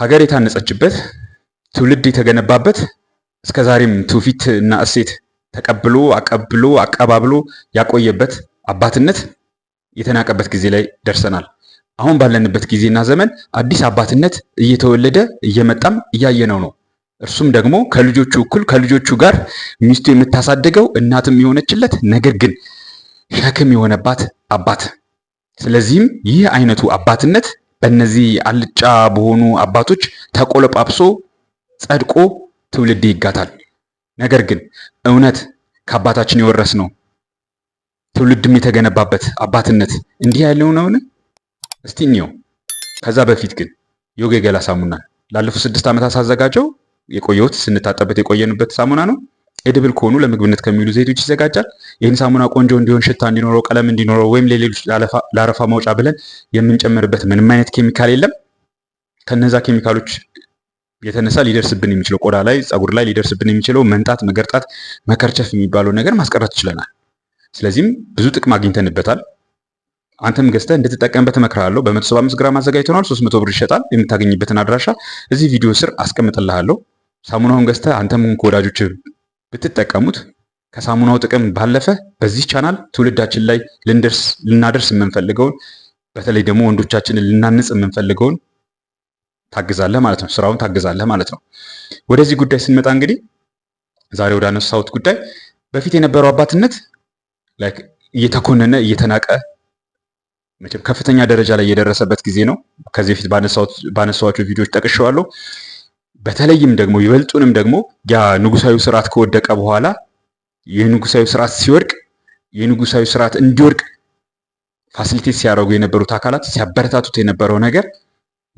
ሀገር የታነጸችበት ትውልድ የተገነባበት እስከዛሬም ትውፊት እና እሴት ተቀብሎ አቀብሎ አቀባብሎ ያቆየበት አባትነት የተናቀበት ጊዜ ላይ ደርሰናል። አሁን ባለንበት ጊዜና ዘመን አዲስ አባትነት እየተወለደ እየመጣም እያየነው ነው። እርሱም ደግሞ ከልጆቹ እኩል ከልጆቹ ጋር ሚስቱ የምታሳደገው እናትም የሆነችለት ነገር ግን ሸክም የሆነባት አባት። ስለዚህም ይህ አይነቱ አባትነት በእነዚህ አልጫ በሆኑ አባቶች ተቆለጳጵሶ ጸድቆ ትውልድ ይጋታል። ነገር ግን እውነት ከአባታችን የወረስ ነው ትውልድም የተገነባበት አባትነት እንዲህ ያለው ነውን? እስቲ ከዛ በፊት ግን ዮጊ የገላ ሳሙና ላለፉት ስድስት ዓመታት ሳዘጋጀው የቆየሁት ስንታጠበት የቆየንበት ሳሙና ነው። ኤድብል ከሆኑ ለምግብነት ከሚውሉ ዘይቶች ይዘጋጃል። ይህን ሳሙና ቆንጆ እንዲሆን፣ ሽታ እንዲኖረው፣ ቀለም እንዲኖረው ወይም ለሌሎች ለአረፋ ማውጫ ብለን የምንጨምርበት ምንም አይነት ኬሚካል የለም። ከነዛ ኬሚካሎች የተነሳ ሊደርስብን የሚችለው ቆዳ ላይ፣ ጸጉር ላይ ሊደርስብን የሚችለው መንጣት፣ መገርጣት፣ መከርቸፍ የሚባለው ነገር ማስቀረት ችለናል። ስለዚህም ብዙ ጥቅም አግኝተንበታል። አንተም ገዝተህ እንድትጠቀምበት እመክርሃለሁ። በመቶ ሰባ ግራም አዘጋጅተናል። ሶስት መቶ ብር ይሸጣል። የምታገኝበትን አድራሻ እዚህ ቪዲዮ ስር አስቀምጥልሃለሁ። ሳሙናውን ገዝተህ አንተም ከወዳጆች ብትጠቀሙት ከሳሙናው ጥቅም ባለፈ በዚህ ቻናል ትውልዳችን ላይ ልናደርስ የምንፈልገውን በተለይ ደግሞ ወንዶቻችንን ልናንጽ የምንፈልገውን ታግዛለህ ማለት ነው። ስራውን ታግዛለህ ማለት ነው። ወደዚህ ጉዳይ ስንመጣ እንግዲህ ዛሬ ወደ አነሳሁት ጉዳይ በፊት የነበረው አባትነት እየተኮነነ እየተናቀ መቼም ከፍተኛ ደረጃ ላይ የደረሰበት ጊዜ ነው። ከዚህ በፊት ባነሳኋቸው ቪዲዮዎች ጠቅሸዋለሁ። በተለይም ደግሞ ይበልጡንም ደግሞ ያ ንጉሳዊ ስርዓት ከወደቀ በኋላ የንጉሳዊ ስርዓት ሲወድቅ የንጉሳዊ ስርዓት እንዲወድቅ ፋሲሊቴት ሲያደርጉ የነበሩት አካላት ሲያበረታቱት የነበረው ነገር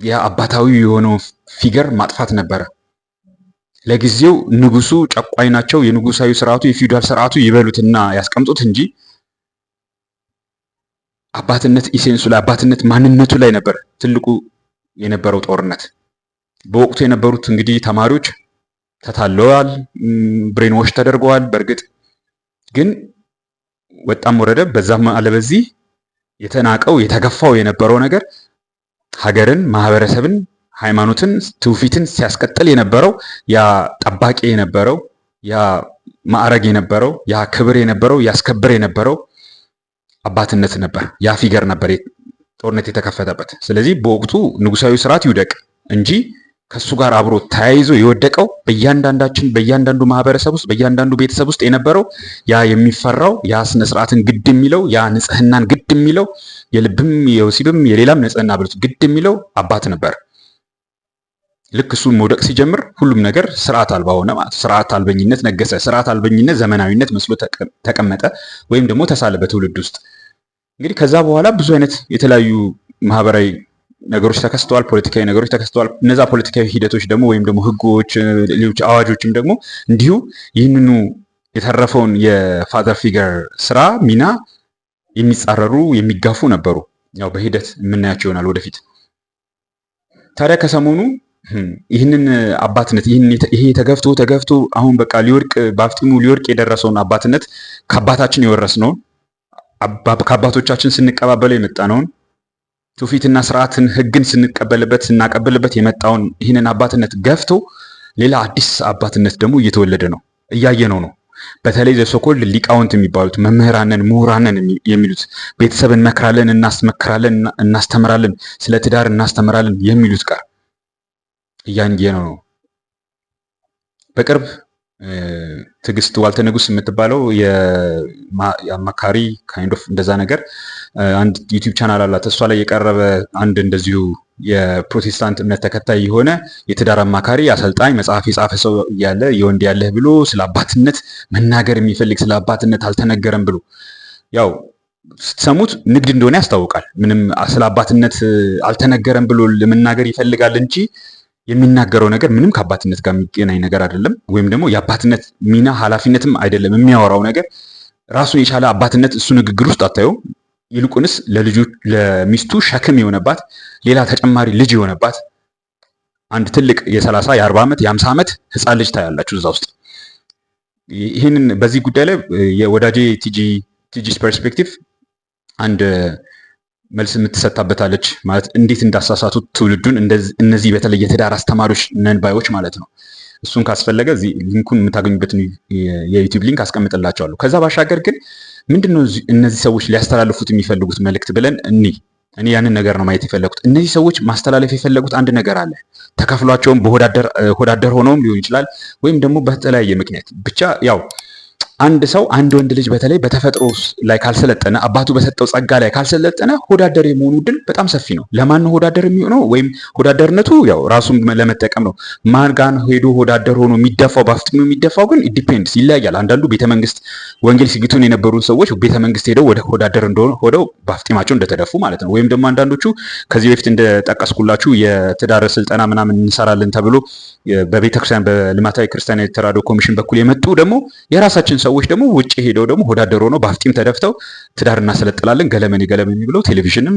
ያ አባታዊ የሆነው ፊገር ማጥፋት ነበረ። ለጊዜው ንጉሱ ጨቋኝ ናቸው፣ የንጉሳዊ ስርዓቱ የፊውዳል ስርዓቱ ይበሉትና ያስቀምጡት እንጂ አባትነት ኢሴንሱ ላይ አባትነት ማንነቱ ላይ ነበር ትልቁ የነበረው ጦርነት። በወቅቱ የነበሩት እንግዲህ ተማሪዎች ተታለዋል፣ ዎሽ ተደርገዋል። በእርግጥ ግን ወጣም ወረደ በዛም አለበዚህ የተናቀው የተገፋው የነበረው ነገር ሀገርን፣ ማህበረሰብን፣ ሃይማኖትን፣ ትውፊትን ሲያስቀጥል የነበረው ያ ጠባቂ የነበረው ያ ማዕረግ የነበረው ያ ክብር የነበረው ያስከብር የነበረው አባትነት ነበር። ያ ፊገር ነበር ጦርነት የተከፈተበት። ስለዚህ በወቅቱ ንጉሳዊ ስርዓት ይውደቅ እንጂ ከሱ ጋር አብሮ ተያይዞ የወደቀው በእያንዳንዳችን በእያንዳንዱ ማህበረሰብ ውስጥ በእያንዳንዱ ቤተሰብ ውስጥ የነበረው ያ የሚፈራው ያ ስነ ስርዓትን ግድ የሚለው ያ ንጽህናን ግድ የሚለው የልብም የወሲብም የሌላም ንጽህና ብሎት ግድ የሚለው አባት ነበር። ልክ እሱ መውደቅ ሲጀምር ሁሉም ነገር ስርዓት አልባ ሆነ ማለት ስርዓት አልበኝነት ነገሰ። ስርዓት አልበኝነት ዘመናዊነት መስሎ ተቀመጠ ወይም ደግሞ ተሳለ በትውልድ ውስጥ። እንግዲህ ከዛ በኋላ ብዙ አይነት የተለያዩ ማህበራዊ ነገሮች ተከስተዋል፣ ፖለቲካዊ ነገሮች ተከስተዋል። እነዛ ፖለቲካዊ ሂደቶች ደግሞ ወይም ደግሞ ህጎች፣ ሌሎች አዋጆችም ደግሞ እንዲሁ ይህንኑ የተረፈውን የፋዘር ፊገር ስራ ሚና የሚጻረሩ የሚጋፉ ነበሩ። ያው በሂደት የምናያቸው ይሆናል ወደፊት። ታዲያ ከሰሞኑ ይህንን አባትነት ይሄ ተገፍቶ ተገፍቶ አሁን በቃ ሊወድቅ በአፍጢሙ ሊወድቅ የደረሰውን አባትነት ከአባታችን የወረስነውን ከአባቶቻችን ስንቀባበለው የመጣ ነውን ትውፊትና ስርዓትን ህግን ስንቀበልበት ስናቀብልበት የመጣውን ይህንን አባትነት ገፍቶ ሌላ አዲስ አባትነት ደግሞ እየተወለደ ነው፣ እያየነው ነው። በተለይ ዘሶኮል ሊቃውንት የሚባሉት መምህራንን፣ ምሁራንን የሚሉት ቤተሰብ እንመክራለን፣ እናስመክራለን፣ እናስተምራለን፣ ስለ ትዳር እናስተምራለን የሚሉት ጋር እያየነው ነው። በቅርብ ትዕግስት ዋልተ ንጉስ የምትባለው የአማካሪ ካይንዶፍ እንደዛ ነገር አንድ ዩቲዩብ ቻናል አላት። እሷ ላይ የቀረበ አንድ እንደዚሁ የፕሮቴስታንት እምነት ተከታይ የሆነ የትዳር አማካሪ አሰልጣኝ መጽሐፍ የጻፈ ሰው እያለ የወንድ ያለህ ብሎ ስለ አባትነት መናገር የሚፈልግ ስለ አባትነት አልተነገረም ብሎ ያው ስትሰሙት ንግድ እንደሆነ ያስታውቃል። ምንም ስለ አባትነት አልተነገረም ብሎ ለመናገር ይፈልጋል እንጂ የሚናገረው ነገር ምንም ከአባትነት ጋር የሚገናኝ ነገር አይደለም። ወይም ደግሞ የአባትነት ሚና ኃላፊነትም አይደለም የሚያወራው ነገር ራሱን የቻለ አባትነት እሱ ንግግር ውስጥ አታየውም። ይልቁንስ ለሚስቱ ሸክም የሆነባት ሌላ ተጨማሪ ልጅ የሆነባት አንድ ትልቅ የሰላሳ የአርባ ዓመት የ50 ዓመት ህፃን ልጅ ታያላችሁ እዛ ውስጥ። ይህንን በዚህ ጉዳይ ላይ የወዳጄ ቲጂ ቲጂስ ፐርስፔክቲቭ አንድ መልስ የምትሰታበታለች ማለት እንዴት እንዳሳሳቱ ትውልዱን እነዚህ በተለይ የትዳር አስተማሪዎች ነን ባዮች ማለት ነው። እሱን ካስፈለገ ሊንኩን የምታገኙበትን የዩቲዩብ ሊንክ አስቀምጥላቸዋለሁ። ከዛ ባሻገር ግን ነው እነዚህ ሰዎች ሊያስተላልፉት የሚፈልጉት መልእክት ብለን እኒ እኔ ያንን ነገር ነው ማየት የፈለጉት። እነዚህ ሰዎች ማስተላለፍ የፈለጉት አንድ ነገር አለ። ተከፍሏቸውም በሆዳደር ሆነውም ሊሆን ይችላል፣ ወይም ደግሞ በተለያየ ምክንያት ብቻ ያው አንድ ሰው አንድ ወንድ ልጅ በተለይ በተፈጥሮ ላይ ካልሰለጠነ አባቱ በሰጠው ጸጋ ላይ ካልሰለጠነ ሆዳደር የመሆኑ ድል በጣም ሰፊ ነው። ለማን ነው ሆዳደር የሚሆነው? ወይም ሆዳደርነቱ ያው ራሱን ለመጠቀም ነው። ማን ሄዶ ሆዳደር ሆኖ የሚደፋው በአፍጥሙ የሚደፋው ግን ዲፔንድስ ይለያያል። አንዳንዱ ቤተመንግስት ወንጌል ሲግቱን የነበሩ ሰዎች ቤተመንግስት ሄደው ወደ ሆዳደር እንደሆነ ሆደው በአፍጢማቸው እንደተደፉ ማለት ነው። ወይም ደግሞ አንዳንዶቹ ከዚህ በፊት እንደጠቀስኩላችሁ የትዳር ስልጠና ምናምን እንሰራለን ተብሎ በቤተክርስቲያን በልማታዊ ክርስቲያን የተራድኦ ኮሚሽን በኩል የመጡ ደግሞ የራሳችን ሰዎች ደግሞ ውጭ ሄደው ደግሞ ሆዳደር ነው ባልቲም ተደፍተው ትዳር እናሰለጥላለን ገለመኔ ገለመኔ ብለው ቴሌቪዥንም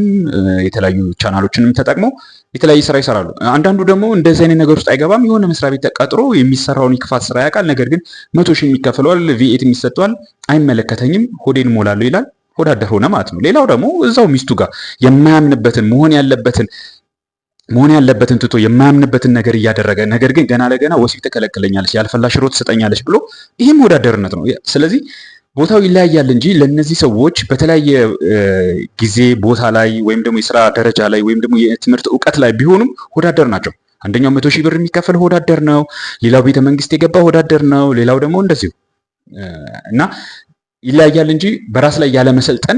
የተለያዩ ቻናሎችንም ተጠቅመው የተለያየ ስራ ይሰራሉ። አንዳንዱ ደግሞ እንደዚህ አይነት ነገር ውስጥ አይገባም። የሆነ መስሪያ ቤት ተቀጥሮ የሚሰራውን የክፋት ስራ ያውቃል። ነገር ግን መቶ ሺህ የሚከፍለዋል ቪኤት የሚሰጠዋል፣ አይመለከተኝም፣ ሆዴን ሞላለሁ ይላል። ሆዳደር ሆነ ማለት ነው። ሌላው ደግሞ እዛው ሚስቱ ጋር የማያምንበትን መሆን ያለበትን መሆን ያለበትን ትቶ የማያምንበትን ነገር እያደረገ ነገር ግን ገና ለገና ወሲብ ትከለክለኛለች፣ ያልፈላ ሽሮ ትሰጠኛለች ብሎ ይህም ወዳደርነት ነው። ስለዚህ ቦታው ይለያያል እንጂ ለእነዚህ ሰዎች በተለያየ ጊዜ ቦታ ላይ ወይም ደግሞ የስራ ደረጃ ላይ ወይም ደግሞ የትምህርት እውቀት ላይ ቢሆኑም ወዳደር ናቸው። አንደኛው መቶ ሺህ ብር የሚከፈል ወዳደር ነው፣ ሌላው ቤተ መንግስት የገባ ወዳደር ነው፣ ሌላው ደግሞ እንደዚሁ እና ይለያያል እንጂ በራስ ላይ ያለመሰልጠን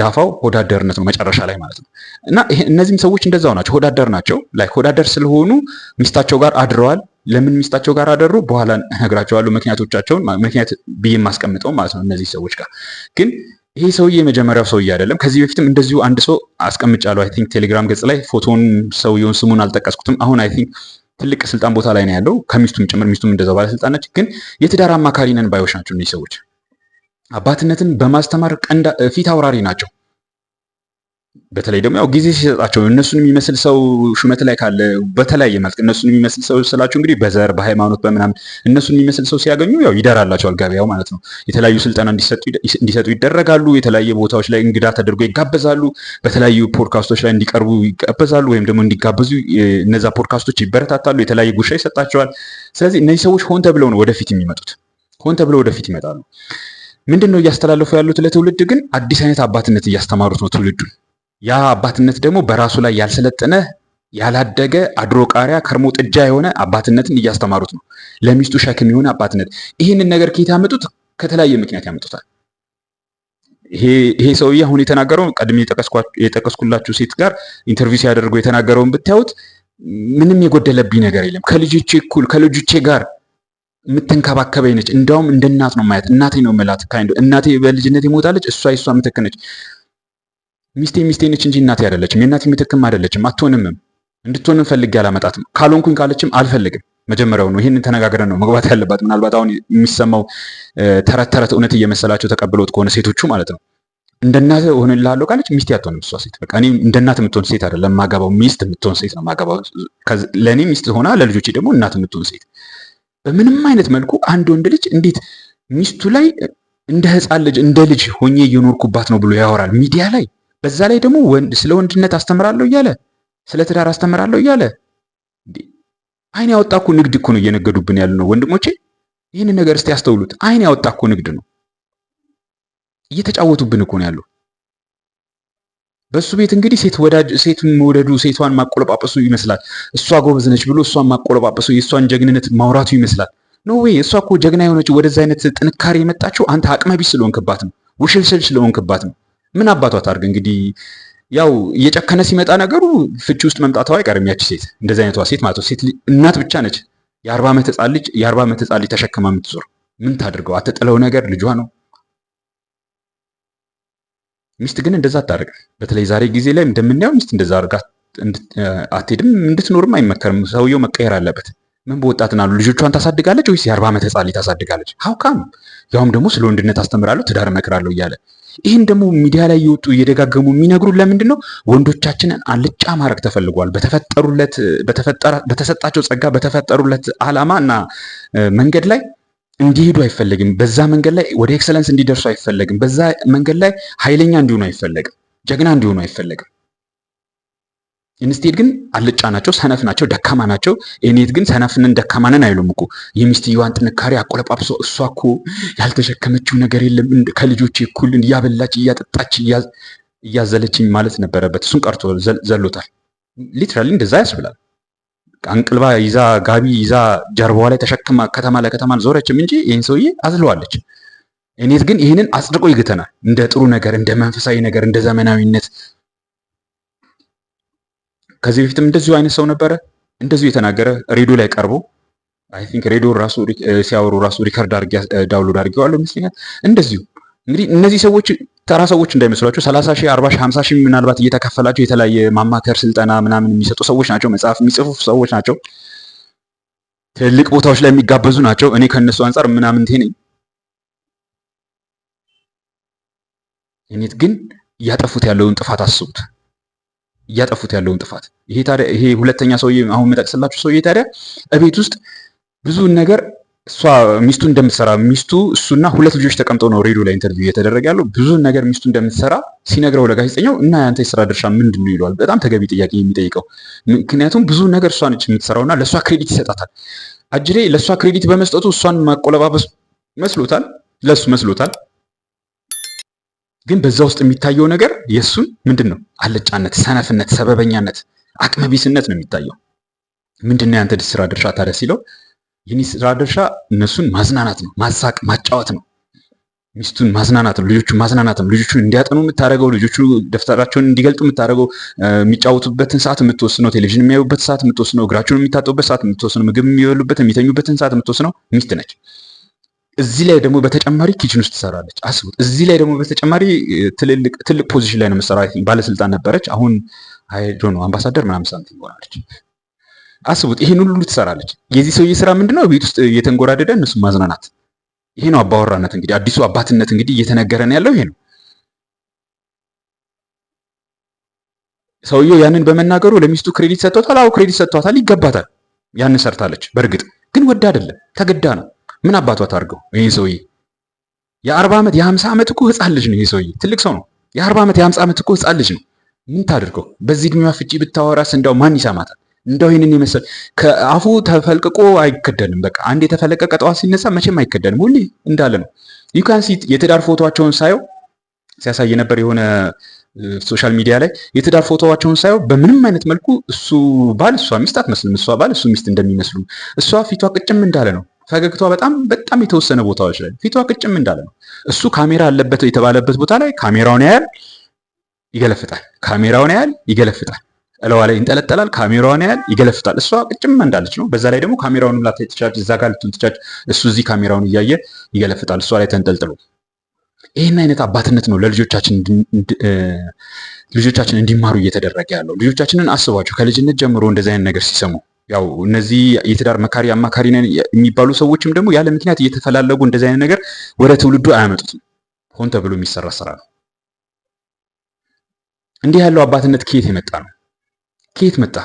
ዳፋው ሆዳደርነት ነው መጨረሻ ላይ ማለት ነው። እና እነዚህም ሰዎች እንደዛው ናቸው፣ ሆዳደር ናቸው። ላይ ሆዳደር ስለሆኑ ሚስታቸው ጋር አድረዋል። ለምን ሚስታቸው ጋር አደሩ? በኋላ እነግራቸዋለሁ ምክንያቶቻቸውን፣ ምክንያት ብዬ የማስቀምጠው ማለት ነው። እነዚህ ሰዎች ጋር ግን ይሄ ሰውዬ የመጀመሪያው ሰውዬ አይደለም። ከዚህ በፊትም እንደዚሁ አንድ ሰው አስቀምጫለሁ። አይ ቲንክ ቴሌግራም ገጽ ላይ ፎቶን፣ ሰውየውን ስሙን አልጠቀስኩትም። አሁን አይ ቲንክ ትልቅ ስልጣን ቦታ ላይ ነው ያለው ከሚስቱም ጭምር። ሚስቱም እንደዛው ባለስልጣን ነች። ግን የትዳር አማካሪ ነን ባዮች ናቸው እነዚህ ሰዎች። አባትነትን በማስተማር ቀንዳ ፊት አውራሪ ናቸው። በተለይ ደግሞ ያው ጊዜ ሲሰጣቸው እነሱን የሚመስል ሰው ሹመት ላይ ካለ በተለያየ መልክ እነሱን የሚመስል ሰው ስላቸው እንግዲህ በዘር በሃይማኖት በምናምን እነሱን የሚመስል ሰው ሲያገኙ ያው ይደራላቸዋል ገበያው ማለት ነው። የተለያዩ ስልጠና እንዲሰጡ ይደረጋሉ። የተለያየ ቦታዎች ላይ እንግዳ ተደርጎ ይጋበዛሉ። በተለያዩ ፖድካስቶች ላይ እንዲቀርቡ ይጋበዛሉ፣ ወይም ደግሞ እንዲጋበዙ እነዛ ፖድካስቶች ይበረታታሉ። የተለያየ ጉርሻ ይሰጣቸዋል። ስለዚህ እነዚህ ሰዎች ሆን ተብለው ነው ወደፊት የሚመጡት። ሆን ተብለው ወደፊት ይመጣሉ። ምንድን ነው እያስተላለፉ ያሉት ለትውልድ ግን አዲስ አይነት አባትነት እያስተማሩት ነው ትውልዱን። ያ አባትነት ደግሞ በራሱ ላይ ያልሰለጠነ ያላደገ አድሮ ቃሪያ ከርሞ ጥጃ የሆነ አባትነትን እያስተማሩት ነው። ለሚስቱ ሸክም የሆነ አባትነት። ይህንን ነገር ከየት ያመጡት? ከተለያየ ምክንያት ያመጡታል። ይሄ ሰውዬ አሁን የተናገረው ቀድሜ የጠቀስኩላችሁ ሴት ጋር ኢንተርቪው ሲያደርገው የተናገረውን ብታዩት ምንም የጎደለብኝ ነገር የለም ከልጆቼ እኩል ከልጆቼ ጋር የምትንከባከበኝ ነች። እንደውም እንደ እናት ነው ማየት እናቴ ነው የምላት ካይንዶ እናቴ በልጅነት ይሞታለች። እሷ የእሷ ምትክ ነች። ሚስቴ ሚስቴ ነች እንጂ እናቴ አይደለችም። የእናቴ ምትክም አይደለችም። አትሆንምም። እንድትሆንም ፈልጌ አላመጣትም። ካልሆንኩኝ ካለችም አልፈልግም። መጀመሪያው ነው ይህንን ተነጋግረን ነው መግባት ያለባት። ምናልባት አሁን የሚሰማው ተረት ተረት እውነት እየመሰላቸው ተቀብለውት ከሆነ ሴቶቹ ማለት ነው እንደ እናት እሆንልሃለሁ ካለች ሚስቴ አትሆንም። እሷ ሴት በቃ እኔ እንደ እናት የምትሆን ሴት አይደለም ማገባው፣ ሚስት የምትሆን ሴት ነው ማገባው። ለእኔ ሚስት ሆና ለልጆቼ ደግሞ እናት የምትሆን ሴት በምንም አይነት መልኩ አንድ ወንድ ልጅ እንዴት ሚስቱ ላይ እንደ ህፃን ልጅ እንደ ልጅ ሆኜ እየኖርኩባት ነው ብሎ ያወራል ሚዲያ ላይ። በዛ ላይ ደግሞ ስለ ወንድነት አስተምራለሁ እያለ ስለ ትዳር አስተምራለሁ እያለ አይን ያወጣ እኮ ንግድ እኮ ነው እየነገዱብን ያሉ ነው ወንድሞቼ። ይህንን ነገር እስቲ ያስተውሉት። አይን ያወጣ እኮ ንግድ ነው እየተጫወቱብን እኮ ነው ያለው። በእሱ ቤት እንግዲህ ሴት ወዳጅ ሴት መውደዱ ሴቷን ማቆለጳጳሱ ይመስላል። እሷ ጎበዝ ነች ብሎ እሷን ማቆለጳጳሱ የእሷን ጀግንነት ማውራቱ ይመስላል። ኖ ዌይ እሷ እኮ ጀግና የሆነች ወደዚ አይነት ጥንካሬ የመጣችው አንተ አቅመቢስ ስለሆንክባት ነው፣ ውሽልሽል ስለሆንክባት ነው። ምን አባቷ ታርግ እንግዲህ። ያው እየጨከነ ሲመጣ ነገሩ ፍቺ ውስጥ መምጣቷ አይቀርም። ያቺ ሴት እንደዚህ አይነቷ ሴት ማለት ሴት እናት ብቻ ነች። የአርባ ዓመት ህጻን ልጅ የአርባ ዓመት ህፃን ልጅ ተሸክማ የምትዞር ምን ታድርገው? አትጥለው ነገር ልጇ ነው። ሚስት ግን እንደዛ አታደርግም። በተለይ ዛሬ ጊዜ ላይ እንደምናየው ሚስት እንደዛ አድርጋ አትሄድም፣ እንድትኖርም አይመከርም። ሰውየው መቀየር አለበት። ምን በወጣትና ናሉ ልጆቿን ታሳድጋለች ወይስ የአርባ ዓመት ህፃን ልጅ ታሳድጋለች? ሀውካም ያውም ደግሞ ስለ ወንድነት አስተምራለሁ፣ ትዳር እመክራለሁ እያለ ይህን ደግሞ ሚዲያ ላይ የወጡ እየደጋገሙ የሚነግሩ ለምንድን ነው? ወንዶቻችንን አልጫ ማድረግ ተፈልጓል። በተፈጠሩለት በተሰጣቸው ጸጋ በተፈጠሩለት አላማና እና መንገድ ላይ እንዲሄዱ አይፈለግም። በዛ መንገድ ላይ ወደ ኤክሰለንስ እንዲደርሱ አይፈለግም። በዛ መንገድ ላይ ኃይለኛ እንዲሆኑ አይፈለግም። ጀግና እንዲሆኑ አይፈለግም። ኢንስቴድ ግን አልጫ ናቸው፣ ሰነፍ ናቸው፣ ደካማ ናቸው። ኤኔት ግን ሰነፍንን ደካማንን አይሉም እኮ የሚስትየዋን ጥንካሬ አቆለጳብሶ እሷ እኮ ያልተሸከመችው ነገር የለም ከልጆች እኩል እያበላች እያጠጣች እያዘለችኝ ማለት ነበረበት። እሱን ቀርቶ ዘሎታል። ሊትራሊ እንደዛ ያስብላል። አንቅልባ ይዛ ጋቢ ይዛ ጀርባዋ ላይ ተሸክማ ከተማ ለከተማ ዞረችም እንጂ ይህን ሰውዬ አዝለዋለች። እኔት ግን ይህንን አጽድቆ ይግተናል። እንደ ጥሩ ነገር፣ እንደ መንፈሳዊ ነገር፣ እንደ ዘመናዊነት ከዚህ በፊትም እንደዚሁ አይነት ሰው ነበረ። እንደዚሁ የተናገረ ሬዲዮ ላይ ቀርቦ አይ ቲንክ ሬዲዮ ራሱ ሲያወሩ ራሱ ሪከርድ ዳውንሎድ አድርጌዋለሁ ይመስለኛል እንደዚሁ እንግዲህ እነዚህ ሰዎች ተራ ሰዎች እንዳይመስሏቸው 30 ሺህ 40 ሺህ 50 ሺህ ምናልባት እየተከፈላቸው የተለያየ ማማከር ስልጠና ምናምን የሚሰጡ ሰዎች ናቸው። መጽሐፍ የሚጽፉ ሰዎች ናቸው። ትልቅ ቦታዎች ላይ የሚጋበዙ ናቸው። እኔ ከእነሱ አንጻር ቴ ነኝ። እኔት ግን እያጠፉት ያለውን ጥፋት አስቡት። እያጠፉት ያለውን ጥፋት ይሄ ታዲያ ይሄ ሁለተኛ ሰውዬ አሁን መጠቅስላችሁ ሰውዬ ታዲያ እቤት ውስጥ ብዙ ነገር እሷ ሚስቱ እንደምትሰራ ሚስቱ እሱና ሁለት ልጆች ተቀምጠው ነው ሬዲዮ ላይ ኢንተርቪው እየተደረገ ያለው። ብዙ ነገር ሚስቱ እንደምትሰራ ሲነግረው ለጋዜጠኛው እና ያንተ የስራ ድርሻ ምንድን ነው ይለዋል። በጣም ተገቢ ጥያቄ የሚጠይቀው ምክንያቱም ብዙ ነገር እሷ ነች እና ለእሷ ክሬዲት ይሰጣታል። አጅሬ ለእሷ ክሬዲት በመስጠቱ እሷን ማቆለባበስ መስሎታል፣ ለእሱ መስሎታል። ግን በዛ ውስጥ የሚታየው ነገር የእሱን ምንድን ነው አለጫነት፣ ሰነፍነት፣ ሰበበኛነት፣ አቅመቢስነት ነው የሚታየው። ምንድን ነው ያንተ ስራ ድርሻ ታዲያ ሲለው የኔ ስራ ድርሻ እነሱን ማዝናናት ነው፣ ማሳቅ፣ ማጫወት ነው። ሚስቱን ማዝናናት ነው። ልጆቹን ማዝናናት ነው። ልጆቹን እንዲያጠኑ የምታደርገው፣ ልጆቹ ደፍተራቸውን እንዲገልጡ የምታደርገው፣ የሚጫወቱበትን ሰዓት የምትወስነው፣ ቴሌቪዥን የሚያዩበት ሰዓት የምትወስነው፣ እግራቸውን የሚታጠቡበት ሰዓት የምትወስነው፣ ምግብ የሚበሉበት የሚተኙበትን ሰዓት የምትወስነው ሚስት ነች። እዚህ ላይ ደግሞ በተጨማሪ ኪችን ውስጥ ትሰራለች። አስቡት። እዚህ ላይ ደግሞ በተጨማሪ ትልቅ ፖዚሽን ላይ ነው የምትሰራ። ባለስልጣን ነበረች። አሁን አይ ዶንት ኖ አምባሳደር ምናምን ሳምቲንግ ሆናለች። አስቡት፣ ይሄን ሁሉ ትሰራለች። የዚህ ሰውዬ ስራ ምንድነው? ቤት ውስጥ እየተንጎራደደ እነሱ ማዝናናት። ይሄ ነው አባወራነት። እንግዲህ አዲሱ አባትነት እንግዲህ እየተነገረን ያለው ይሄ ነው። ሰውየው ያንን በመናገሩ ለሚስቱ ክሬዲት ሰጥቷታል። አዎ ክሬዲት ሰጥቷታል፣ ይገባታል። ያንን ሰርታለች። በእርግጥ ግን ወዳ አይደለም ተገዳ ነው። ምን አባቷ ታርገው ይሄ ሰውዬ የአርባ ዓመት የሀምሳ ዓመት እኮ ህፃን ልጅ ነው። ይሄ ሰውዬ ትልቅ ሰው ነው። የአርባ ዓመት የሀምሳ ዓመት እኮ ህፃን ልጅ ነው። ምን ታድርገው? በዚህ እድሜዋ ፍጪ ብታወራስ እንዳው ማን ይሰማታል? እንደው ይህንን ይመስል ከአፉ ተፈልቅቆ አይከደንም። በቃ አንድ የተፈለቀቀ ጠዋት ሲነሳ መቼም አይከደንም፣ ሁሌ እንዳለ ነው። ዩካንሲ የትዳር ፎቶቸውን ሳየው ሲያሳይ ነበር የሆነ ሶሻል ሚዲያ ላይ የትዳር ፎቶዋቸውን ሳየው በምንም አይነት መልኩ እሱ ባል እሷ ሚስት አትመስልም፣ እሷ ባል እሱ ሚስት እንደሚመስሉ እሷ ፊቷ ቅጭም እንዳለ ነው። ፈገግቷ በጣም በጣም የተወሰነ ቦታዎች ላይ ፊቷ ቅጭም እንዳለ ነው። እሱ ካሜራ አለበት የተባለበት ቦታ ላይ ካሜራውን ያያል፣ ይገለፍጣል፣ ካሜራውን ያህል ይገለፍጣል። እለዋ ላይ ይንጠለጠላል። ካሜራዋን ያህል ይገለፍጣል። እሷ ቅጭም እንዳለች ነው። በዛ ላይ ደግሞ ካሜራውን ላ ትቻች፣ እዛ ጋር ልትሆን ትቻች። እሱ እዚህ ካሜራውን እያየ ይገለፍጣል፣ እሷ ላይ ተንጠልጥሎ። ይህን አይነት አባትነት ነው ለልጆቻችን ልጆቻችን እንዲማሩ እየተደረገ ያለው። ልጆቻችንን አስቧቸው ከልጅነት ጀምሮ እንደዚህ አይነት ነገር ሲሰሙ ያው እነዚህ የትዳር መካሪ አማካሪ ነን የሚባሉ ሰዎችም ደግሞ ያለ ምክንያት እየተፈላለጉ እንደዚህ አይነት ነገር ወደ ትውልዱ አያመጡትም። ሆን ተብሎ የሚሰራ ስራ ነው። እንዲህ ያለው አባትነት ከየት የመጣ ነው? ከየት መጣ?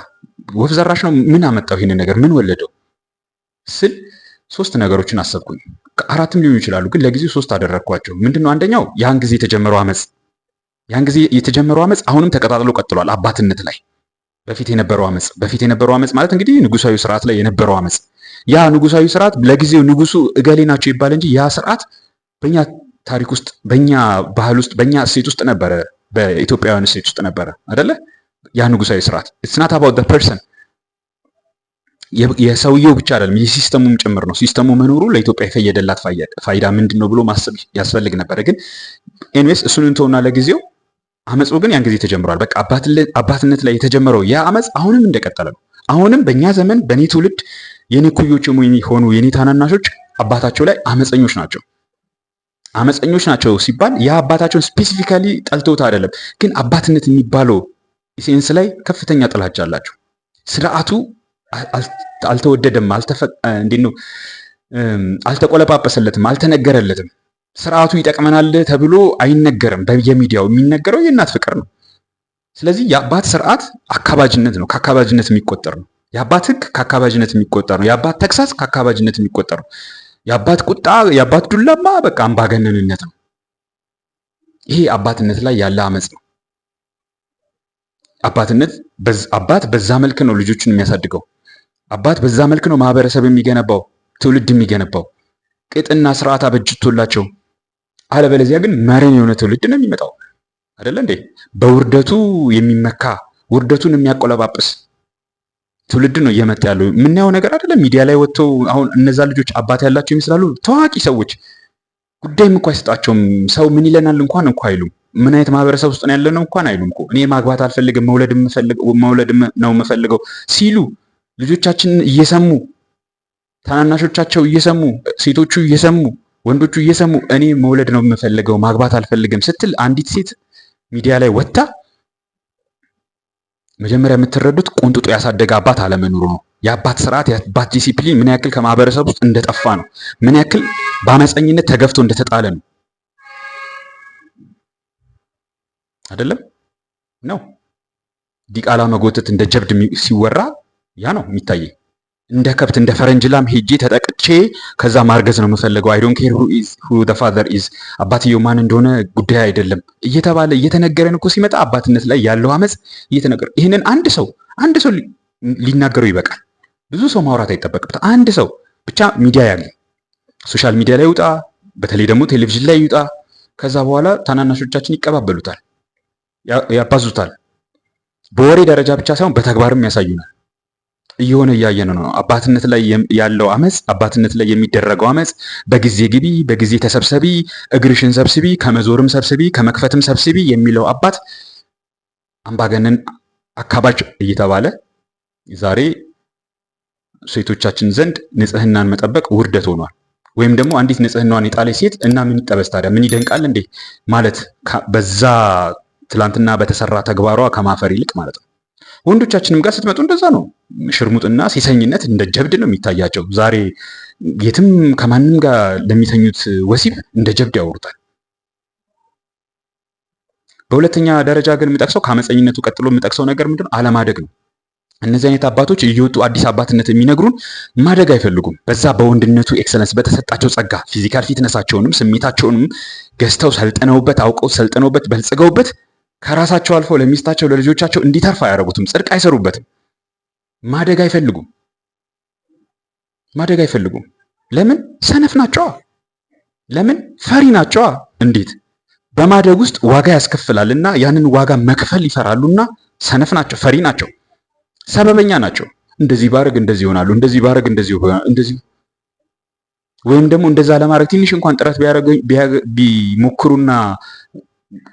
ወፍ ዘራሽ ነው? ምን አመጣው? ይሄንን ነገር ምን ወለደው ስል ሶስት ነገሮችን አሰብኩኝ። አራትም ሊሆኑ ይችላሉ፣ ግን ለጊዜው ሶስት አደረግኳቸው። ምንድነው? አንደኛው ያን ጊዜ የተጀመረው አመፅ፣ ያን ጊዜ የተጀመረው አመፅ አሁንም ተቀጣጥሎ ቀጥሏል። አባትነት ላይ በፊት የነበረው አመፅ፣ በፊት የነበረው አመፅ ማለት እንግዲህ ንጉሳዊ ስርዓት ላይ የነበረው አመፅ። ያ ንጉሳዊ ስርዓት ለጊዜው ንጉሱ እገሌ ናቸው ይባል እንጂ ያ ስርዓት በእኛ ታሪክ ውስጥ፣ በእኛ ባህል ውስጥ፣ በእኛ እሴት ውስጥ ነበረ፣ በኢትዮጵያውያን እሴት ውስጥ ነበረ አይደለ? ያ ንጉሳዊ ስርዓት ኢትስ ናት አባውት ዘ ፐርሰን የሰውየው ብቻ አይደለም የሲስተሙም ጭምር ነው። ሲስተሙ መኖሩ ለኢትዮጵያ የፈየደላት ፋይዳ ምንድን ነው ብሎ ማሰብ ያስፈልግ ነበረ። ግን ኤንዌስ እሱን እንተውና ለጊዜው አመፁ ግን ያን ጊዜ ተጀምሯል። በቃ አባትነት ላይ የተጀመረው ያ አመፅ አሁንም እንደቀጠለ ነው። አሁንም በእኛ ዘመን በእኔ ትውልድ የኔ ኩዮች የሆኑ የኔ ታናናሾች አባታቸው ላይ አመፀኞች ናቸው። አመፀኞች ናቸው ሲባል ያ አባታቸውን ስፔሲፊካሊ ጠልተውት አይደለም፣ ግን አባትነት የሚባለው ኢሴንስ ላይ ከፍተኛ ጥላቻ አላቸው። ስርዓቱ አልተወደደም፣ እንዴት ነው አልተቆለጳጰሰለትም፣ አልተነገረለትም። ስርዓቱ ይጠቅመናል ተብሎ አይነገርም። የሚዲያው የሚነገረው የእናት ፍቅር ነው። ስለዚህ የአባት ስርዓት አካባጅነት ነው፣ ከአካባጅነት የሚቆጠር ነው። የአባት ህግ ከአካባጅነት የሚቆጠር ነው። የአባት ተግሳጽ ከአካባጅነት የሚቆጠር ነው። የአባት ቁጣ፣ የአባት ዱላማ በቃ አምባገነንነት ነው። ይሄ አባትነት ላይ ያለ አመፅ ነው። አባትነት አባት በዛ መልክ ነው ልጆቹን የሚያሳድገው። አባት በዛ መልክ ነው ማህበረሰብ የሚገነባው፣ ትውልድ የሚገነባው ቅጥና ስርዓት አበጅቶላቸው። አለበለዚያ ግን መሪን የሆነ ትውልድ ነው የሚመጣው። አይደለ እንዴ? በውርደቱ የሚመካ ውርደቱን የሚያቆለባብስ ትውልድ ነው እየመጣ ያለው። የምናየው ነገር አይደለም። ሚዲያ ላይ ወጥተው አሁን እነዛ ልጆች አባት ያላቸው ይመስላሉ። ታዋቂ ሰዎች ጉዳይም እንኳ አይሰጣቸውም። ሰው ምን ይለናል እንኳን እንኳ አይሉም። ምን አይነት ማህበረሰብ ውስጥ ነው ያለ ነው እንኳን አይሉም እኮ እኔ ማግባት አልፈልግም መውለድም ነው የምፈልገው ሲሉ ልጆቻችን እየሰሙ ታናናሾቻቸው እየሰሙ ሴቶቹ እየሰሙ ወንዶቹ እየሰሙ እኔ መውለድ ነው የምፈልገው ማግባት አልፈልግም ስትል አንዲት ሴት ሚዲያ ላይ ወጥታ መጀመሪያ የምትረዱት ቆንጥጦ ያሳደገ አባት አለመኖሩ ነው። የአባት ስርዓት የአባት ዲሲፕሊን ምን ያክል ከማህበረሰብ ውስጥ እንደጠፋ ነው። ምን ያክል በአመፀኝነት ተገፍቶ እንደተጣለ ነው። አይደለም ነው። ዲቃላ መጎተት እንደ ጀብድ ሲወራ ያ ነው የሚታየኝ። እንደ ከብት እንደ ፈረንጅ ላም ሄጄ ተጠቅቼ ከዛ ማርገዝ ነው የምፈልገው። አይ ዶንት ኬር ሁ ዘ ፋዘር ኢዝ አባትየው ማን እንደሆነ ጉዳይ አይደለም እየተባለ እየተነገረን እኮ ሲመጣ አባትነት ላይ ያለው አመፅ እየተነገረ ይህንን አንድ ሰው አንድ ሰው ሊናገረው ይበቃል። ብዙ ሰው ማውራት አይጠበቅበት። አንድ ሰው ብቻ ሚዲያ ያለ ሶሻል ሚዲያ ላይ ይውጣ፣ በተለይ ደግሞ ቴሌቪዥን ላይ ይውጣ። ከዛ በኋላ ታናናሾቻችን ይቀባበሉታል። ያባዙታል። በወሬ ደረጃ ብቻ ሳይሆን በተግባርም ያሳዩናል። እየሆነ እያየን ነው። አባትነት ላይ ያለው አመፅ፣ አባትነት ላይ የሚደረገው አመፅ፣ በጊዜ ግቢ፣ በጊዜ ተሰብሰቢ፣ እግርሽን ሰብስቢ፣ ከመዞርም ሰብስቢ፣ ከመክፈትም ሰብስቢ የሚለው አባት አምባገነን አካባጭ እየተባለ ዛሬ ሴቶቻችን ዘንድ ንጽህናን መጠበቅ ውርደት ሆኗል። ወይም ደግሞ አንዲት ንጽህናዋን የጣለ ሴት እና ምን ይጠበስ ታዲያ ምን ይደንቃል እንዴ ማለት በዛ ትላንትና በተሰራ ተግባሯ ከማፈር ይልቅ ማለት ነው። ወንዶቻችንም ጋር ስትመጡ እንደዛ ነው። ሽርሙጥና ሴሰኝነት እንደ ጀብድ ነው የሚታያቸው። ዛሬ የትም ከማንም ጋር ለሚተኙት ወሲብ እንደ ጀብድ ያወሩታል። በሁለተኛ ደረጃ ግን የምጠቅሰው ከአመፀኝነቱ ቀጥሎ የምጠቅሰው ነገር ምንድነው? አለማደግ ነው። እነዚህ አይነት አባቶች እየወጡ አዲስ አባትነት የሚነግሩን ማደግ አይፈልጉም። በዛ በወንድነቱ ኤክሰለንስ በተሰጣቸው ጸጋ ፊዚካል ፊትነሳቸውንም ስሜታቸውንም ገዝተው ሰልጥነውበት አውቀው ሰልጥነውበት በልጽገውበት ከራሳቸው አልፎ ለሚስታቸው ለልጆቻቸው እንዲተርፍ አያደርጉትም። ጽድቅ አይሰሩበትም። ማደግ አይፈልጉም። ማደግ አይፈልጉም። ለምን? ሰነፍ ናቸዋ። ለምን? ፈሪ ናቸዋ። እንዴት? በማደግ ውስጥ ዋጋ ያስከፍላልና ያንን ዋጋ መክፈል ይፈራሉና ሰነፍ ናቸው፣ ፈሪ ናቸው፣ ሰበበኛ ናቸው። እንደዚህ ባረግ እንደዚህ ይሆናሉ፣ እንደዚህ ባረግ እንደዚህ እንደዚህ ወይም ደግሞ እንደዛ ለማድረግ ትንሽ እንኳን ጥረት ቢሞክሩና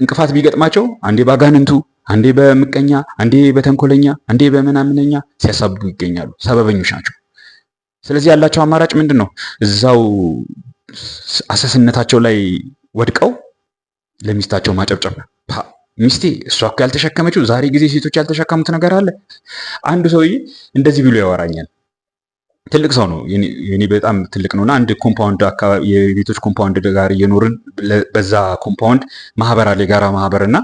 እንቅፋት ቢገጥማቸው አንዴ ባጋንንቱ፣ አንዴ በምቀኛ፣ አንዴ በተንኮለኛ፣ አንዴ በምናምነኛ ሲያሳብቡ ይገኛሉ። ሰበበኞች ናቸው። ስለዚህ ያላቸው አማራጭ ምንድን ነው? እዛው አሰስነታቸው ላይ ወድቀው ለሚስታቸው ማጨብጨብ ሚስቴ እሷ እኮ ያልተሸከመችው ዛሬ ጊዜ ሴቶች ያልተሸከሙት ነገር አለ። አንዱ ሰውዬ እንደዚህ ብሎ ያወራኛል ትልቅ ሰው ነው የኔ በጣም ትልቅ ነው እና አንድ ኮምፓውንድ አካባቢ የቤቶች ኮምፓውንድ ጋር እየኖርን በዛ ኮምፓውንድ ማህበር አለ፣ የጋራ ማህበር እና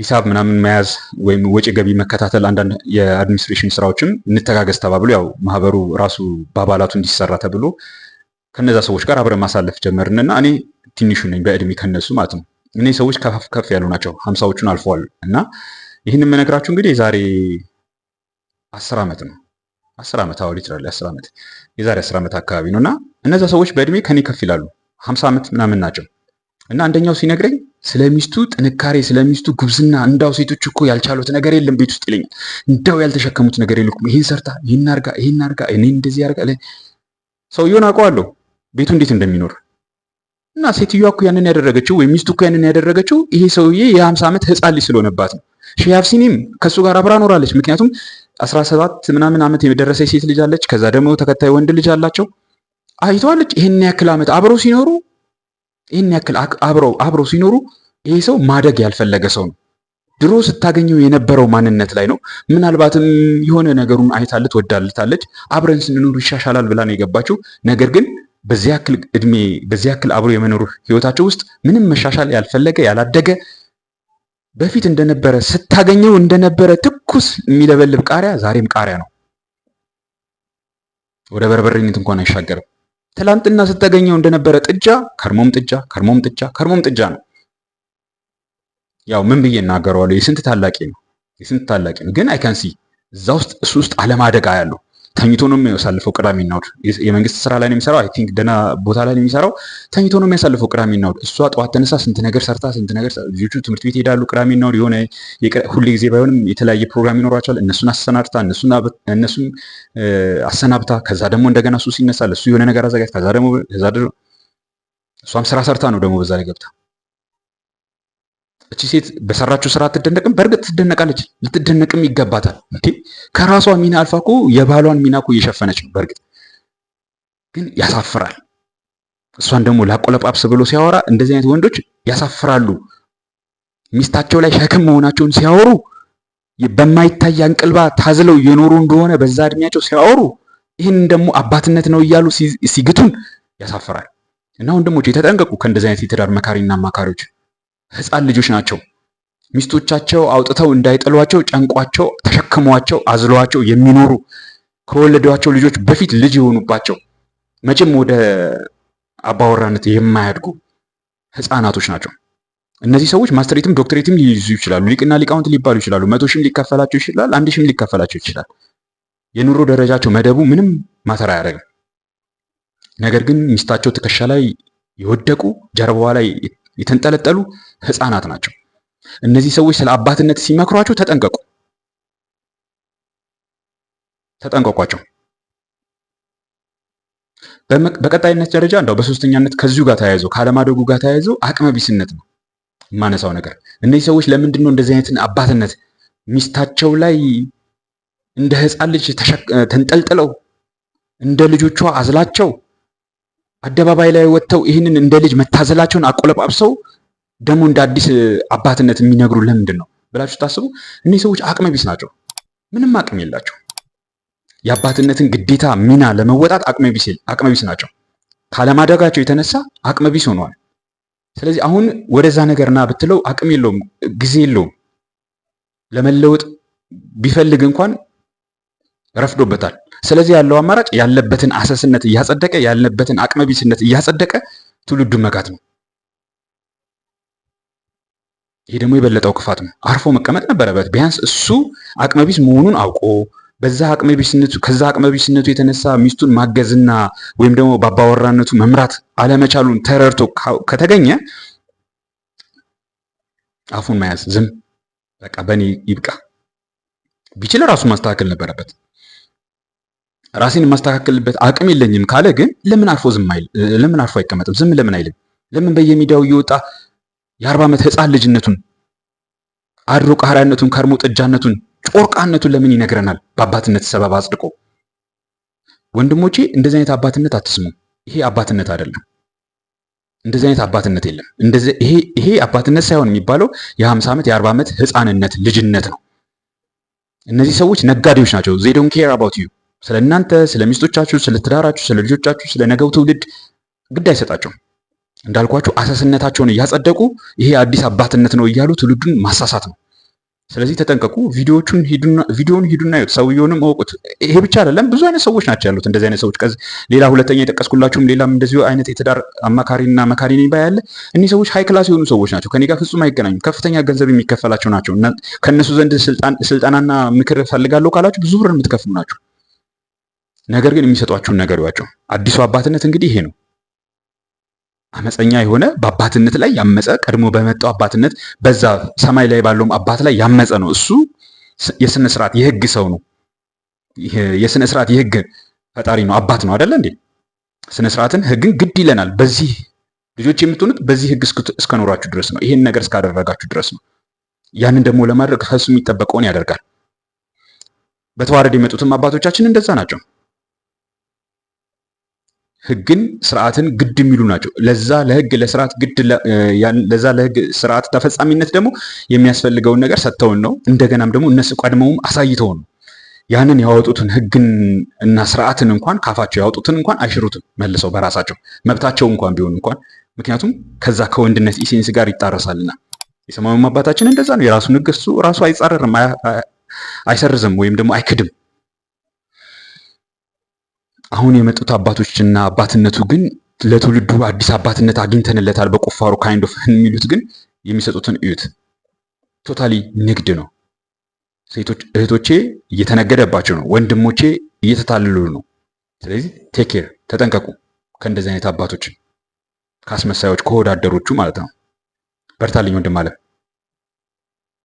ሂሳብ ምናምን መያዝ ወይም ወጪ ገቢ መከታተል፣ አንዳንድ የአድሚኒስትሬሽን ስራዎችም እንተጋገዝ ተባብሎ ያው ማህበሩ ራሱ በአባላቱ እንዲሰራ ተብሎ ከነዛ ሰዎች ጋር አብረን ማሳለፍ ጀመርን እና እኔ ትንሹ ነኝ በእድሜ ከነሱ ማለት ነው። እኔ ሰዎች ከፍ ያሉ ናቸው፣ ሀምሳዎቹን አልፈዋል እና ይህን የምነግራችሁ እንግዲህ የዛሬ አስር ዓመት ነው አስር ዓመት አዎ ይችላል። አስር ዓመት የዛሬ አስር ዓመት አካባቢ ነው እና እነዛ ሰዎች በእድሜ ከኔ ከፍ ይላሉ፣ ሀምሳ ዓመት ምናምን ናቸው። እና አንደኛው ሲነግረኝ ስለ ሚስቱ ጥንካሬ፣ ስለ ሚስቱ ጉብዝና፣ እንዳው ሴቶች እኮ ያልቻሉት ነገር የለም ቤት ውስጥ ይለኛል። እንዳው ያልተሸከሙት ነገር የለም። ይህን ሰርታ፣ ይህን አርጋ፣ ይህን አርጋ፣ እኔ እንደዚህ አርጋ። ሰውየውን አውቀዋለሁ ቤቱ እንዴት እንደሚኖር እና ሴትዮዋ እኮ ያንን ያደረገችው ወይም ሚስቱ እኮ ያንን ያደረገችው ይሄ ሰውዬ የሀምሳ ዓመት ህፃን ልጅ ስለሆነባት ነው። ሺያፍሲኒም ከእሱ ጋር አብራ ኖራለች። ምክንያቱም 17 ምናምን ዓመት የደረሰች ሴት ልጅ አለች። ከዛ ደግሞ ተከታይ ወንድ ልጅ አላቸው። አይተዋለች። ይህን ያክል ዓመት አብረው ሲኖሩ ይህን ያክል አብረው አብረው ሲኖሩ ይሄ ሰው ማደግ ያልፈለገ ሰው ነው። ድሮ ስታገኘው የነበረው ማንነት ላይ ነው። ምናልባትም የሆነ ነገሩን አይታለት ወዳልታለች። አብረን ስንኖር ይሻሻላል ብላ ነው የገባችው። ነገር ግን በዚህ ያክል እድሜ በዚህ ያክል አብሮ የመኖር ህይወታቸው ውስጥ ምንም መሻሻል ያልፈለገ ያላደገ በፊት እንደነበረ ስታገኘው እንደነበረ ትኩስ የሚለበልብ ቃሪያ ዛሬም ቃሪያ ነው። ወደ በርበሬነት እንኳን አይሻገርም። ትላንትና ስታገኘው እንደነበረ ጥጃ ከርሞም ጥጃ ከርሞም ጥጃ ከርሞም ጥጃ ነው። ያው ምን ብዬ እናገረዋለሁ? የስንት ታላቂ ነው የስንት ታላቂ ነው። ግን አይከንሲ እዛ ውስጥ እሱ ውስጥ አለማደግ አያለሁ። ተኝቶ ነው የሚያሳልፈው ቅዳሜና እሑድ። የመንግስት ስራ ላይ ነው የሚሰራው፣ አይ ቲንክ ደህና ቦታ ላይ ነው የሚሰራው። ተኝቶ ነው የሚያሳልፈው ቅዳሜና እሑድ። እሷ ጠዋት ተነሳ ስንት ነገር ሰርታ ስንት ነገር ልጆቹ ትምህርት ቤት ይሄዳሉ። ቅዳሜና እሑድ የሆነ ሁሌ ጊዜ ባይሆንም የተለያየ ፕሮግራም ይኖራቸዋል። እነሱን አሰናድታ እነሱን አሰናብታ፣ ከዛ ደግሞ እንደገና እሱ ሲነሳ እሱ የሆነ ነገር አዘጋጅ፣ ከዛ ደግሞ እሷም ስራ ሰርታ ነው ደግሞ በዛ ላይ ገብታ እቺ ሴት በሰራችው ስራ አትደነቅም? በእርግጥ ትደነቃለች፣ ልትደነቅም ይገባታል። እንዴ ከራሷ ሚና አልፋ እኮ የባሏን ሚና እኮ እየሸፈነች ነው። በእርግጥ ግን ያሳፍራል። እሷን ደግሞ ላቆለጳጳስ ብሎ ሲያወራ እንደዚህ አይነት ወንዶች ያሳፍራሉ። ሚስታቸው ላይ ሸክም መሆናቸውን ሲያወሩ በማይታይ አንቅልባ ታዝለው የኖሩ እንደሆነ በዛ እድሜያቸው ሲያወሩ ይህን ደግሞ አባትነት ነው እያሉ ሲግቱን ያሳፍራል። እና ወንድሞች የተጠንቀቁ ከእንደዚህ አይነት የትዳር መካሪና አማካሪዎች ህፃን ልጆች ናቸው። ሚስቶቻቸው አውጥተው እንዳይጠሏቸው ጨንቋቸው ተሸክሟቸው አዝለዋቸው የሚኖሩ ከወለዷቸው ልጆች በፊት ልጅ የሆኑባቸው መቼም ወደ አባወራነት የማያድጉ ህፃናቶች ናቸው። እነዚህ ሰዎች ማስተሬትም ዶክትሬትም ሊይዙ ይችላሉ። ሊቅና ሊቃውንት ሊባሉ ይችላሉ። መቶ ሺም ሊከፈላቸው ይችላል። አንድ ሺህም ሊከፈላቸው ይችላል። የኑሮ ደረጃቸው መደቡ ምንም ማተር አያደርግም። ነገር ግን ሚስታቸው ትከሻ ላይ የወደቁ ጀርባዋ ላይ የተንጠለጠሉ ህፃናት ናቸው። እነዚህ ሰዎች ስለ አባትነት ሲመክሯቸው ተጠንቀቁ፣ ተጠንቀቋቸው። በቀጣይነት ደረጃ እንደው በሶስተኛነት ከዚሁ ጋር ተያይዞ ካለማደጉ ጋር ተያይዞ አቅመ ቢስነት ነው የማነሳው ነገር። እነዚህ ሰዎች ለምንድን ነው እንደዚህ አይነትን አባትነት ሚስታቸው ላይ እንደ ህፃን ልጅ ተንጠልጥለው እንደ ልጆቿ አዝላቸው አደባባይ ላይ ወጥተው ይህንን እንደ ልጅ መታዘላቸውን አቆለጳብሰው ደግሞ እንደ አዲስ አባትነት የሚነግሩ ለምንድን ነው ብላችሁ ታስቡ። እነዚህ ሰዎች አቅመ ቢስ ናቸው። ምንም አቅም የላቸው። የአባትነትን ግዴታ ሚና ለመወጣት አቅመ ቢስ ናቸው። ካለማደጋቸው የተነሳ አቅመ ቢስ ሆኗል። ስለዚህ አሁን ወደዛ ነገር ና ብትለው አቅም የለውም፣ ጊዜ የለውም ለመለወጥ ቢፈልግ እንኳን ረፍዶበታል። ስለዚህ ያለው አማራጭ ያለበትን አሰስነት እያጸደቀ ያለበትን አቅመቢስነት እያጸደቀ ትውልዱን መጋት ነው። ይህ ደግሞ የበለጠው ክፋት ነው። አርፎ መቀመጥ ነበረበት። ቢያንስ እሱ አቅመቢስ መሆኑን አውቆ በዛ አቅመቢስነቱ ከዛ አቅመቢስነቱ የተነሳ ሚስቱን ማገዝና ወይም ደግሞ በአባወራነቱ መምራት አለመቻሉን ተረድቶ ከተገኘ አፉን መያዝ ዝም በቃ በእኔ ይብቃ ቢችል ራሱ ማስተካከል ነበረበት። ራሴን የማስተካከልበት አቅም የለኝም ካለ ግን ለምን አርፎ ዝም አይል? ለምን አርፎ አይቀመጥም? ዝም ለምን አይልም? ለምን በየሚዲያው እየወጣ የአርባ ዓመት ህፃን ልጅነቱን አድሮ ቃሪያነቱን ከርሞ ጥጃነቱን ጮርቃነቱን ለምን ይነግረናል? በአባትነት ሰበብ አጽድቆ። ወንድሞቼ እንደዚህ አይነት አባትነት አትስሙ። ይሄ አባትነት አይደለም። እንደዚህ አይነት አባትነት የለም። ይሄ አባትነት ሳይሆን የሚባለው የ50 ዓመት የ40 ዓመት ህፃንነት ልጅነት ነው። እነዚህ ሰዎች ነጋዴዎች ናቸው። ዜ ዶንት ኬር አባውት ዩ ስለ እናንተ፣ ስለ ሚስቶቻችሁ፣ ስለ ትዳራችሁ፣ ስለ ልጆቻችሁ፣ ስለ ነገው ትውልድ ግድ አይሰጣቸውም። እንዳልኳችሁ አሳስነታቸውን እያጸደቁ ይሄ አዲስ አባትነት ነው እያሉ ትውልዱን ማሳሳት ነው። ስለዚህ ተጠንቀቁ። ቪዲዮቹን ቪዲዮውን ሂዱና ይዩት፣ ሰውየውንም እወቁት። ይሄ ብቻ አይደለም፣ ብዙ አይነት ሰዎች ናቸው ያሉት እንደዚህ አይነት ሰዎች። ከዚህ ሌላ ሁለተኛ የጠቀስኩላችሁም ሌላም እንደዚሁ አይነት የትዳር አማካሪና መካሪ ነኝ ባይ ያለ እኒህ ሰዎች ሃይ ክላስ የሆኑ ሰዎች ናቸው። ከኔ ጋር ፍጹም አይገናኙም። ከፍተኛ ገንዘብ የሚከፈላቸው ናቸው። ከእነሱ ዘንድ ስልጣናና ምክር ፈልጋለሁ ካላችሁ ብዙ ብር የምትከፍሉ ናቸው። ነገር ግን የሚሰጧችሁን ነገር እዩዋቸው። አዲሱ አባትነት እንግዲህ ይሄ ነው። አመፀኛ የሆነ በአባትነት ላይ ያመፀ ቀድሞ በመጣው አባትነት በዛ ሰማይ ላይ ባለውም አባት ላይ ያመፀ ነው። እሱ የስነ ስርዓት የህግ ሰው ነው። የስነ ስርዓት የህግ ፈጣሪ ነው፣ አባት ነው አደለ እንዴ? ስነ ስርዓትን ህግን ግድ ይለናል። በዚህ ልጆች የምትሆኑት በዚህ ህግ እስከኖራችሁ ድረስ ነው። ይሄን ነገር እስካደረጋችሁ ድረስ ነው። ያንን ደግሞ ለማድረግ ከሱ የሚጠበቀውን ያደርጋል። በተዋረድ የመጡትም አባቶቻችን እንደዛ ናቸው። ህግን ስርዓትን ግድ የሚሉ ናቸው። ለዛ ለህግ ለስርዓት ግድ ለዛ ለህግ ስርዓት ተፈጻሚነት ደግሞ የሚያስፈልገውን ነገር ሰጥተውን ነው። እንደገናም ደግሞ እነሱ ቀድመውም አሳይተውን ነው። ያንን ያወጡትን ህግን እና ስርዓትን እንኳን ካፋቸው ያወጡትን እንኳን አይሽሩትም መልሰው በራሳቸው መብታቸው እንኳን ቢሆን እንኳን ምክንያቱም ከዛ ከወንድነት ኢሴንስ ጋር ይጣረሳልና የሰማዩ አባታችን እንደዛ ነው። የራሱን ህግ እሱ ራሱ አይጻረርም፣ አይሰርዝም ወይም ደግሞ አይክድም። አሁን የመጡት አባቶችና አባትነቱ ግን ለትውልዱ አዲስ አባትነት አግኝተንለታል በቁፋሮ ካይንድ ኦፍ የሚሉት ግን የሚሰጡትን እዩት። ቶታሊ ንግድ ነው። ሴቶች እህቶቼ እየተነገደባቸው ነው። ወንድሞቼ እየተታለሉ ነው። ስለዚህ ቴክር ተጠንቀቁ፣ ከእንደዚህ አይነት አባቶች፣ ከአስመሳዮች፣ ከወዳደሮቹ ማለት ነው። በርታልኝ ወንድም አለም።